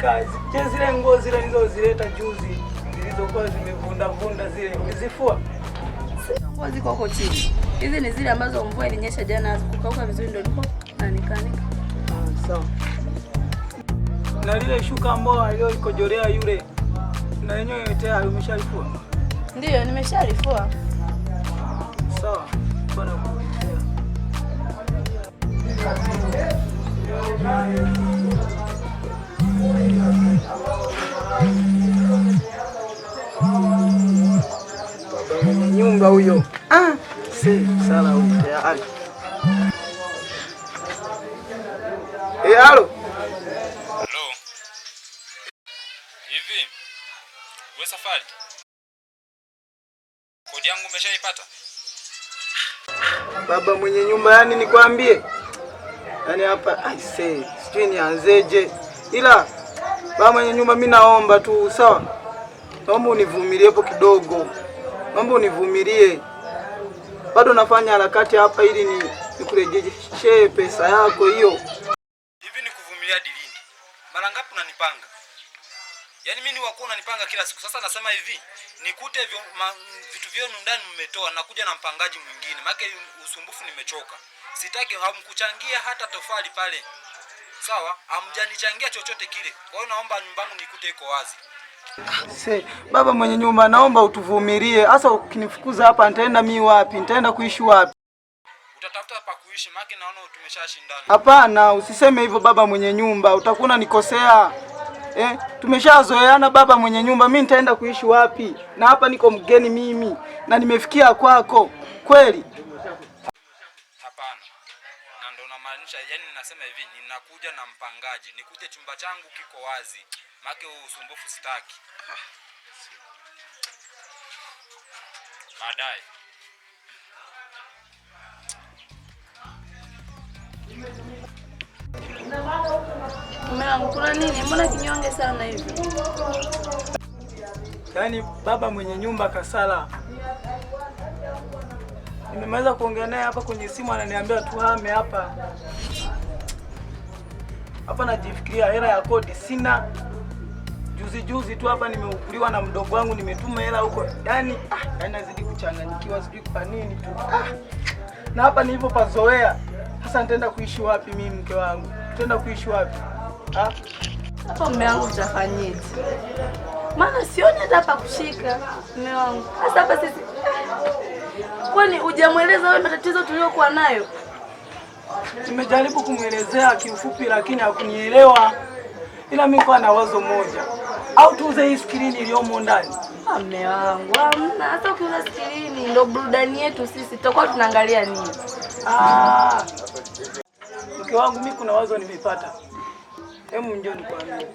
kazi. Je, zile nguo zile nilizozileta juzi zilizokuwa zimevundavunda zile umezifua? Nguo ziko huko chini. Hizi ni zile ambazo mvua ilinyesha jana kukauka vizuri, ndio niko nanikani. Ah, sawa. Na lile shuka ambao aliyoikojolea yule na yenyewe yote umeshalifua? Ndiyo, nimeshalifua. Sawa. Bwana kuja nyumba huyo ah, si sala tayari. Hey, eh, halo halo, hivi we safari kodi yangu umeshaipata? Baba mwenye nyumba, yani nikwambie, yani hapa aisee, sijui nianzeje ila Baba mwenye nyumba, mimi naomba tu sawa, naomba univumilie hapo kidogo, naomba univumilie, bado nafanya harakati hapa ili ni nikurejeshe pesa yako hiyo. Hivi nikuvumilia hadi lini? Mara ngapi unanipanga? Yaani mimi ni wako unanipanga kila siku. Sasa nasema hivi, nikute vyo, ma, vitu vyenu ndani mmetoa na kuja na mpangaji mwingine. Maana usumbufu nimechoka. Sitaki hamkuchangia hata tofali pale sawa, amjanichangia chochote kile. Kwa hiyo naomba nyumbangu nikute iko wazi. Se, baba mwenye nyumba, naomba utuvumilie. Hasa ukinifukuza hapa nitaenda mi wapi? Nitaenda kuishi wapi? Utatafuta pa kuishi, maana naona tumeshashindana. Hapana, usiseme hivyo baba mwenye nyumba, utakuna nikosea Eh, tumeshazoeana baba mwenye nyumba, mi nitaenda kuishi wapi? Na hapa niko mgeni mimi na nimefikia kwako kweli. maisha yani, nasema hivi, ninakuja na mpangaji, nikuje chumba changu kiko wazi, make usumbufu sitaki. Baadaye kuna nini? Mbona kinyonge sana hivi? Yaani baba mwenye nyumba kasala Nimeweza kuongea naye hapa kwenye simu, ananiambia tuhame hapa hapa. Najifikiria hela ya kodi sina. Juzi juzi tu hapa nimeukuliwa na mdogo wangu, nimetuma hela huko. Yani ah, yaani nazidi kuchanganyikiwa, sijui kwa nini tu ah. Na hapa pazoea sasa, nitaenda kuishi wapi mimi? Mke wangu, nitaenda kuishi wapi ah? Hapo mume wangu utafanyaje? Maana sioni hata pa kushika mume wangu hasa hapa sisi ah. Kwani hujamweleza wewe matatizo tuliyokuwa nayo? Nimejaribu kumwelezea kiufupi, lakini hakunielewa. Ila mimi kwa na wazo moja, au tuuze hii skrini iliyomo ndani. Ah, mme wangu hamna, hata ukiuza skrini ndio burudani yetu sisi, tutakuwa tunaangalia nini? Ah, mke wangu, mimi kuna wazo nimepata. Hebu njoo nikwambie.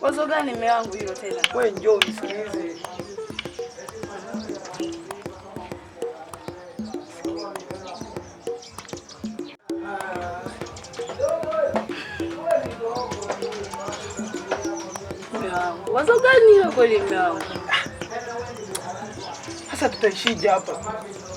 Wazo gani mme wangu hilo tena? Wewe njoo nisikilize. Wazo gani hilo kweli mume wangu? Sasa tutaishije hapa?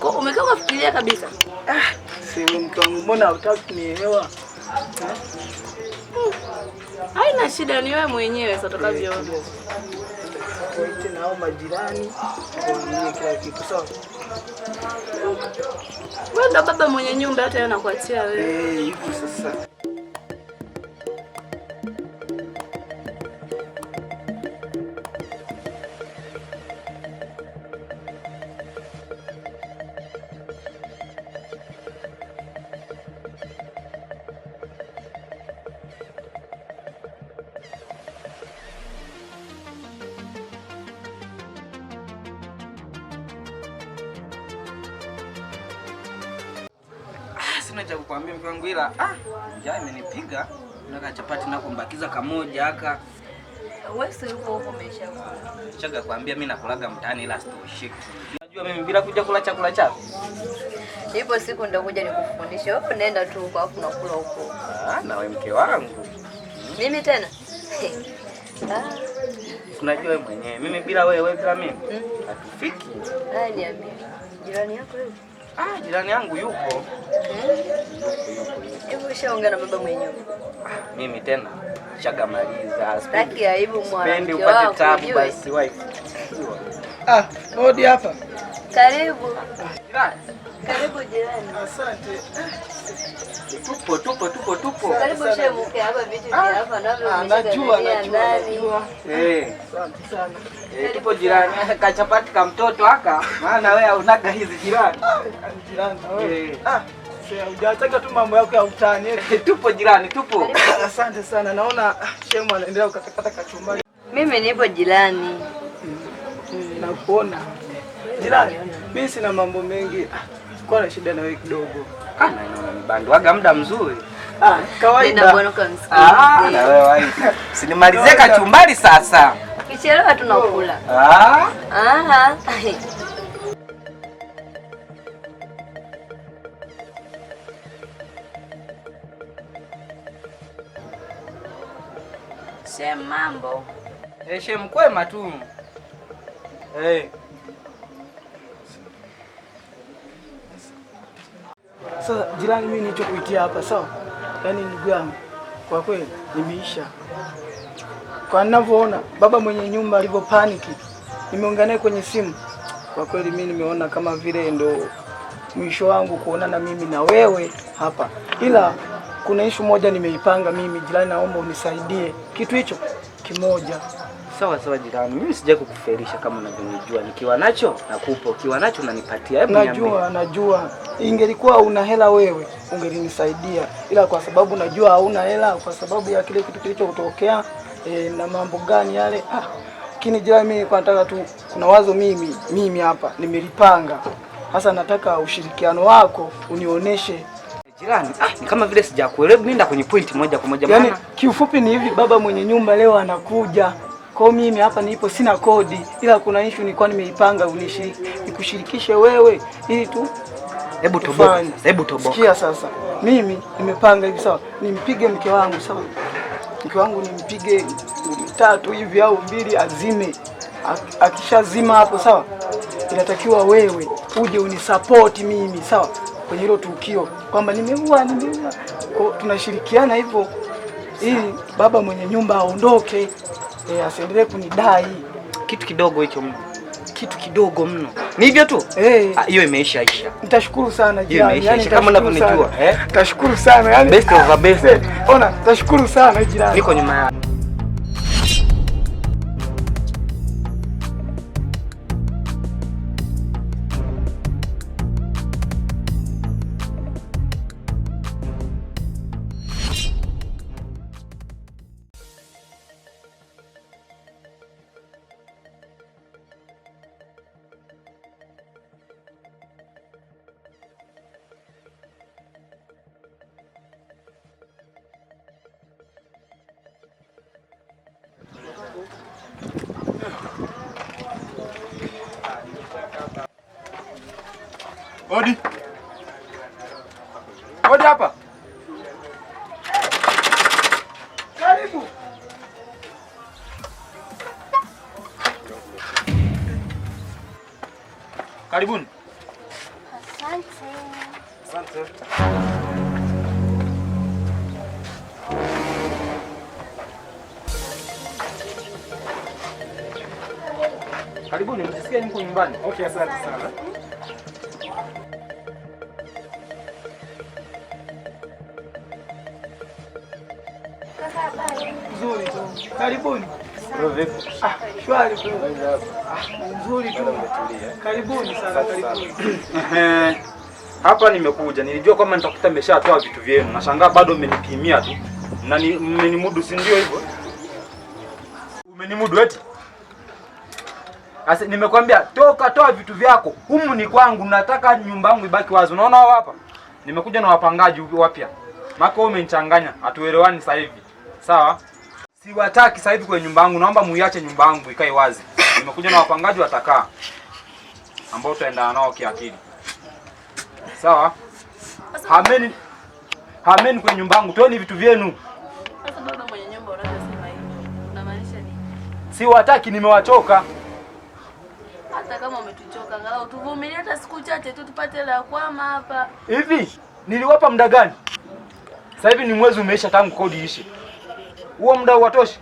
Kwa umekaa kufikiria kabisa. Ah, si mke wangu mbona hutaki kunielewa? Hmm. Haina shida ni wewe mwenyewe sasa utakavyoona. Tuite nao majirani waone kila kitu sawa. Wewe ndo baba mwenye nyumba hata yeye anakuachia wewe. Eh, hivi sasa. sina cha kukwambia mke wangu, ila ah, njaa imenipiga na chapati na kumbakiza kamoja aka chaga kwambia mimi nakulaga mtaani ila sitoshiki. Unajua mimi bila kuja kula chakula chako. Ipo siku nitakuja nikufundishe. Wewe unaenda tu huko afu nakula huko. Ah, na wewe mke wangu. Mimi tena. Ah. Unajua wewe mwenyewe. Mimi bila wewe, wewe bila mimi. Mm. Hatufiki. Ah, niambie. Jirani yako yupi? Ah, jirani yangu yupo. Hivi ushaongea na baba mwenyewe? Ah, mimi tena shakamaliza. Sitaki aibu mwanamke wangu. Tabu basi wife. Ah, hodi hapa. Karibu. Ah. Karibu jirani. Asante. Tupo tupo tupo tupo. Karibu shemuke hapa vitu vya ah, hapa navyo. Anajua anajua. Eh. Asante sana. Eh, tupo jirani. Kachapati ka mtoto haka. Maana wewe unaga hizi jirani. Jirani na wewe. Eh. Ah. Hujataka tu mambo yako ya utani. Tupo jirani, tupo. Asante sana. Naona shemu anaendelea kukatakata kachumbari. Mimi nipo jirani. Hmm, nakuona. Jirani, mimi sina mambo mengi. Ah, kwa na shida na wewe kidogo. Ah, naona nibanduaga muda mzuri. Ah, kawaida. Ah, ah, na eh. wewe wapi? Sinimalizie kachumbari sasa. Kichelewa tunakula. Ah. Aha. Shem, mambo? Hey, Shem, kwema tu. Hey. Sasa jirani, mimi nilichokuitia hapa sawa, yaani ndugu yangu, kwa kweli nimeisha kwa ninavyoona baba mwenye nyumba alivyopaniki. Nimeongea naye kwenye simu, kwa kweli mimi nimeona kama vile ndo mwisho wangu kuonana mimi na wewe hapa, ila kuna ishu moja nimeipanga mimi jirani, naomba unisaidie kitu hicho kimoja. Sawa sawa jirani, mimi sija kukufelisha kama unavyonijua, nikiwa nacho nakupa, ukiwa nacho unanipatia. Hebu najua, najua ingelikuwa una hela wewe ungelinisaidia, ila kwa sababu najua hauna hela kwa sababu ya kile kitu kilichotokea e, na mambo gani yale. Ah, kini jirani, mimi nataka tu, kuna wazo mimi mimi hapa nimelipanga, sasa nataka ushirikiano wako unioneshe Jirani, ah, ni kama vile sijakuelewa. Mimi nenda kwenye point moja kwa moja. Yaani kiufupi ni hivi, baba mwenye nyumba leo anakuja. Kwa mimi hapa nilipo sina kodi, ila kuna issue nilikuwa nimeipanga unishiriki, nikushirikishe wewe ili tu. Hebu toboka. Hebu toboka. Sikia sasa. Mimi nimepanga hivi sawa. Nimpige mke wangu sawa. Mke wangu nimpige tatu hivi au mbili azime. Akishazima hapo sawa. Inatakiwa wewe uje unisapoti mimi sawa kwenye hilo tukio kwamba nimeua, nimeua. Tunashirikiana hivyo ili baba mwenye nyumba aondoke, e, asiendelee kunidai kitu kidogo hicho mno, kitu kidogo mno. Ni hivyo tu e. ah, hiyo, hey. Imeisha isha. Nitashukuru sana jirani, yani kama unavyonijua eh, nitashukuru sana yani, best of the best. Ona, nitashukuru sana jirani, niko nyuma yako. Odi. Odi hapa. Karibu. Karibuni. Asante. Asante. Karibuni, msisikie mko nyumbani. Okay, asante sana. Nzuri tu. Karibuni. Ah, shwari tu. Nzuri tu. Karibuni sana, karibuni. Hapa nimekuja, nilijua kwamba nitakuta mmeshatoa vitu vyenu. Nashangaa bado mmenipimia tu na mmenimudu, si ndio hivyo? Umenimudu eti? Sasa nimekwambia toka, toa vitu vyako, humu ni kwangu, nataka nyumba yangu ibaki wazi. Unaona hapa, nimekuja na wapangaji wapya, maka umenichanganya, hatuelewani sasa hivi. Sawa? Siwataki sasa hivi kwenye nyumba yangu, naomba muiache nyumba yangu ikae wazi. Nimekuja na wapangaji watakaa ambao tutaenda nao kiakili. Sawa? Hameni hameni kwenye nyumba yangu, toeni vitu vyenu. Sasa baba Siwataki, nimewachoka. Hata kama umetuchoka, angalau tuvumilie hata siku chache tu tupate la kwama hapa. Hivi niliwapa muda gani? Sasa hivi ni mwezi umeisha tangu kodi ishe huo muda uwatoshi?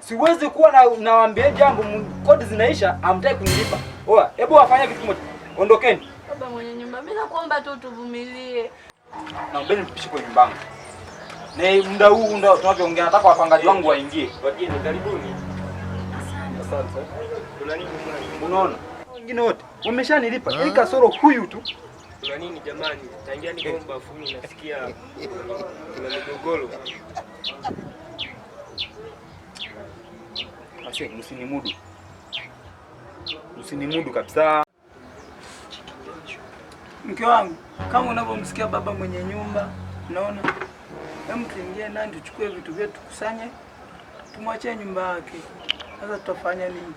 Siwezi kuwa na nawaambia jambo, kodi zinaisha, amtaki kunilipa. Oa, hebu wafanye kitu moja, ondokeni. Baba mwenye nyumba, mimi nakuomba tu tuvumilie, naombeni mpishi kwa nyumbani na muda huu ndio tunavyoongea. Nataka wapangaji wangu waingie. Wageni karibuni, asante. Unaona wengine wote wameshanilipa, ili kasoro huyu tu kuna nini jamani? Tangia niko bafuni nasikia kuna migogoro. Ase, msini mudu kabisa. Mke wangu, kama unavyomsikia baba mwenye nyumba, unaona, hem, tuingie ndani tuchukue vitu vyetu, tukusanye, tumwachie nyumba yake. Sasa tutafanya nini?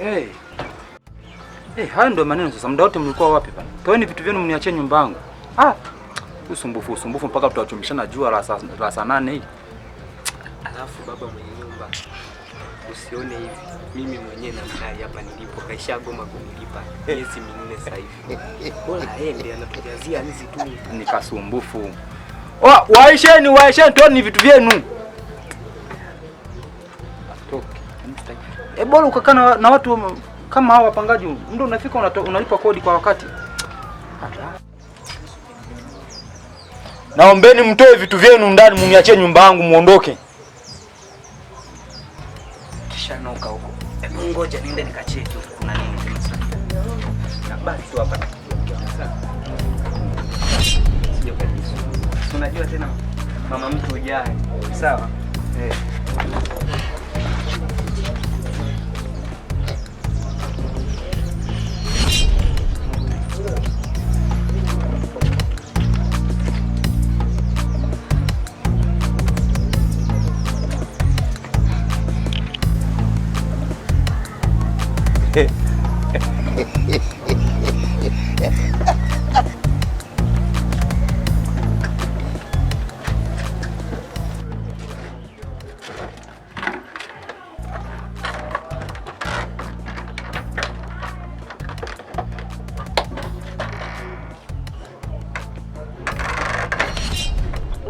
Hey. Hey, haya ndio maneno sasa. Muda wote mlikuwa wapi bana? Toeni vitu vyenu mniachie nyumba yangu. Ah. Usumbufu, usumbufu mpaka tutawachumishana jua la saa la saa nane hii. Alafu baba mwenye nyumba. Usione hivi. Mimi mwenyewe na mdai hapa nilipo kaisha goma kunilipa miezi minne sasa hivi. Bora aende anatujazia hizi tu. Nikasumbufu. Oh, waisheni, waisheni, toeni vitu vyenu. E, bora ukakaa na watu kama hao wapangaji, ndio unafika unalipa kodi kwa wakati. Naombeni mtoe vitu vyenu ndani, muniachie nyumba yangu muondoke. Kisha noka huko. Hebu eh, ngoja niende nikacheki huko kuna nini. Na basi tu hapa. Sio kabisa. Unajua tena mama mtu ujaye. Sawa? Eh.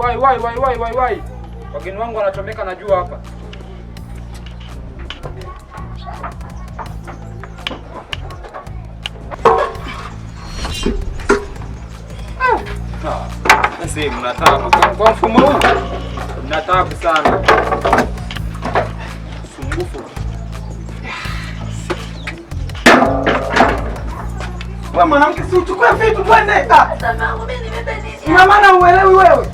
wai wai wai wai wai wai, wageni wangu wanachomeka, jua hapa ah, mnataabu kwa mfumo huu, mnataabu sana sumbufu. Wewe mwanamke, si uchukue vitu twende, ina maana uelewi wewe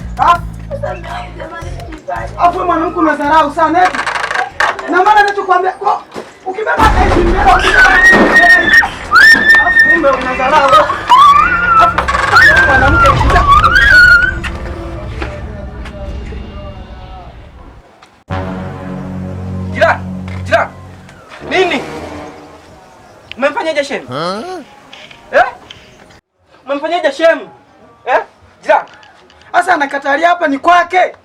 Afu mwanamke unadharau sana eti. Na maana ninachokuambia ukibeba hizi mbele afu kumbe unadharau. mwanamke Nini? Mmemfanyaje Shemu? Eh? Mmemfanyaje Shemu? Sasa anakatalia hapa ni kwake.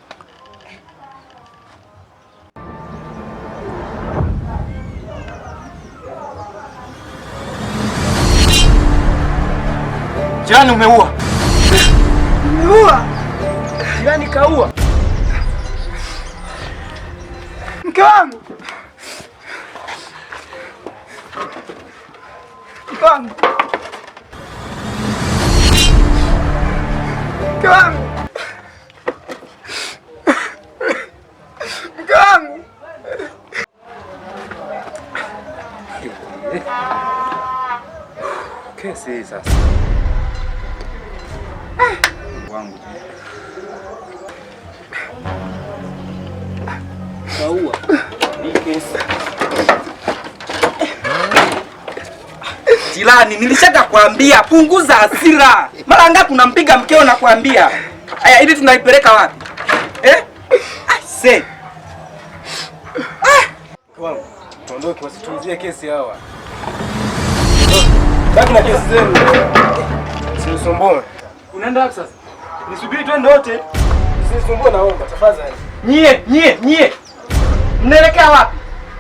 Jirani umeua. Umeua? Jirani kaua. Mke wangu. Mke wangu. Mke wangu. Kaua kesi nilishaka kuambia punguza hasira. Mara ngapi unampiga mkeo na kuambia? Aya, hivi tunaipeleka wapi eh? Ase ah! Tuondoke, wasitunzie kesi hawa. Oh, baki na kesi zenu, sinisumbue. Unaenda wapi sasa? Nisubiri twende wote. Msinisumbue naomba tafadhali. Nyie, nyie, nyie. Mnaelekea wapi?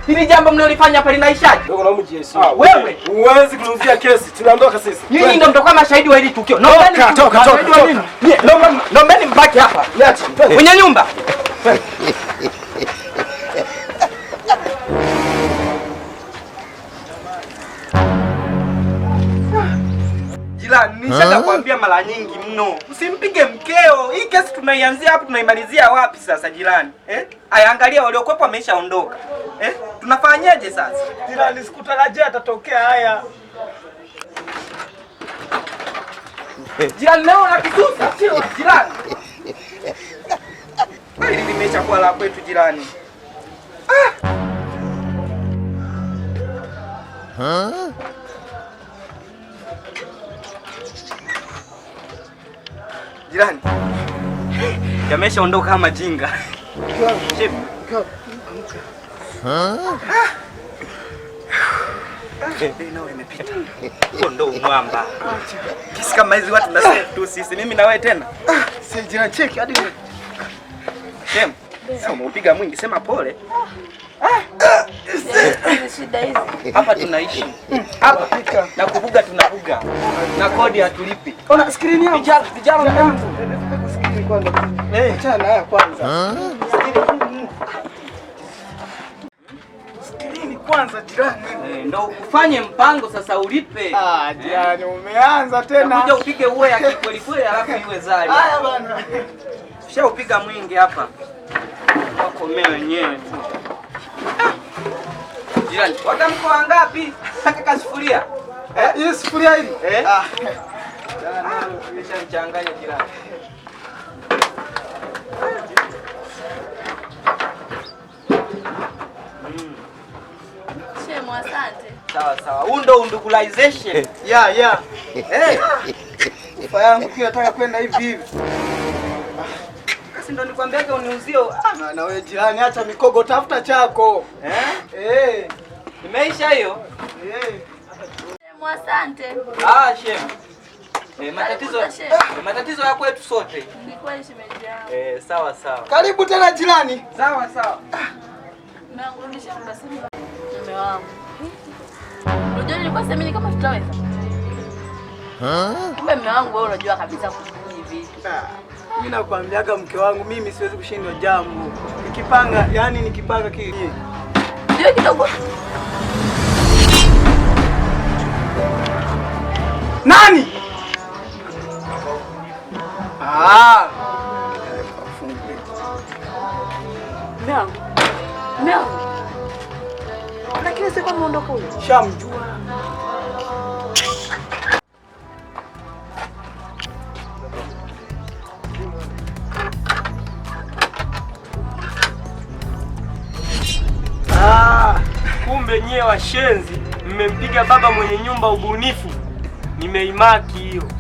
Hili jambo mnalolifanya hapa linaishaje? Ndogo naomba JSC. Wewe huwezi kununulia kesi, tunaondoka sisi. Nyinyi ndio mtakuwa mashahidi wa hili tukio. Naomba toka toka toka. Naomba naomba mbaki hapa. Niache. Kwenye nyumba. Nishakwambia ah. mara nyingi mno, msimpige mkeo. Hii kesi tunaianzia hapo, tunaimalizia wapi sasa jirani? Eh? Aya, angalia waliokuwepo wameshaondoka Eh? Tunafanyaje sasa? Jirani, sikutarajia atatokea haya. Jirani, leo kisusa sio jirani. Hili limeshakuwa la kwetu jirani. Ah. Huh? Jirani yameshaondoka kama jinga. Ndo mwamba kisi kama hizi watu nasema tu sisi, mimi na wewe tena. sema, upiga mwingi, sema pole. Ah. Ah shida hizi? Hapa tunaishi. Hapa pika. Na kubuga tunabuga. Na kodi hatulipi. Ona screen yangu. Vijana vijana wangu. Skrini kwanza. Eh, achana haya kwanza. kwanza jirani. Eh, ufanye mpango sasa ulipe. Ah, jirani umeanza tena. Kuja upige uwe ya kweli kweli alafu iwe zali. Haya bwana. Shaupiga mwingi hapa. wenyewe tu. Ah. Jirani. Watamko wangapi? Kaka sufuria. Eh, hii sufuria hili. Eh? Ah. Jana nimesha mchanganya jirani. Shemo, Sawa sawa. Undo undukulization. Yeah, yeah. Eh. Kwa yangu pia nataka kwenda hivi hivi. Ndo nikwambiaga uniuzio. Na wewe jirani, acha mikogo, tafuta chako. Eh? Eh. Imeisha hiyo. Asante. Ah, shem. Eh, matatizo eh, matatizo ya kwetu sote. Ni kweli shemeji yangu. Eh, sawa sawa. Karibu tena jirani. Sawa sawa. Mmeangusha basi mume wangu. Unajua nilikuwa semeni kama tutaweza. Ah? Kumbe mume wangu wewe unajua kabisa kufanya vitu. Ah, mimi nakwambiaga mke wangu mimi siwezi kushindwa jambo. Nikipanga, yani nikipanga kile. Ndio kidogo. Nani? Ah. No. No. Lakini huyo. Shamjua. Ah, kumbe nyewe washenzi mmempiga baba mwenye nyumba ubunifu. mei maquio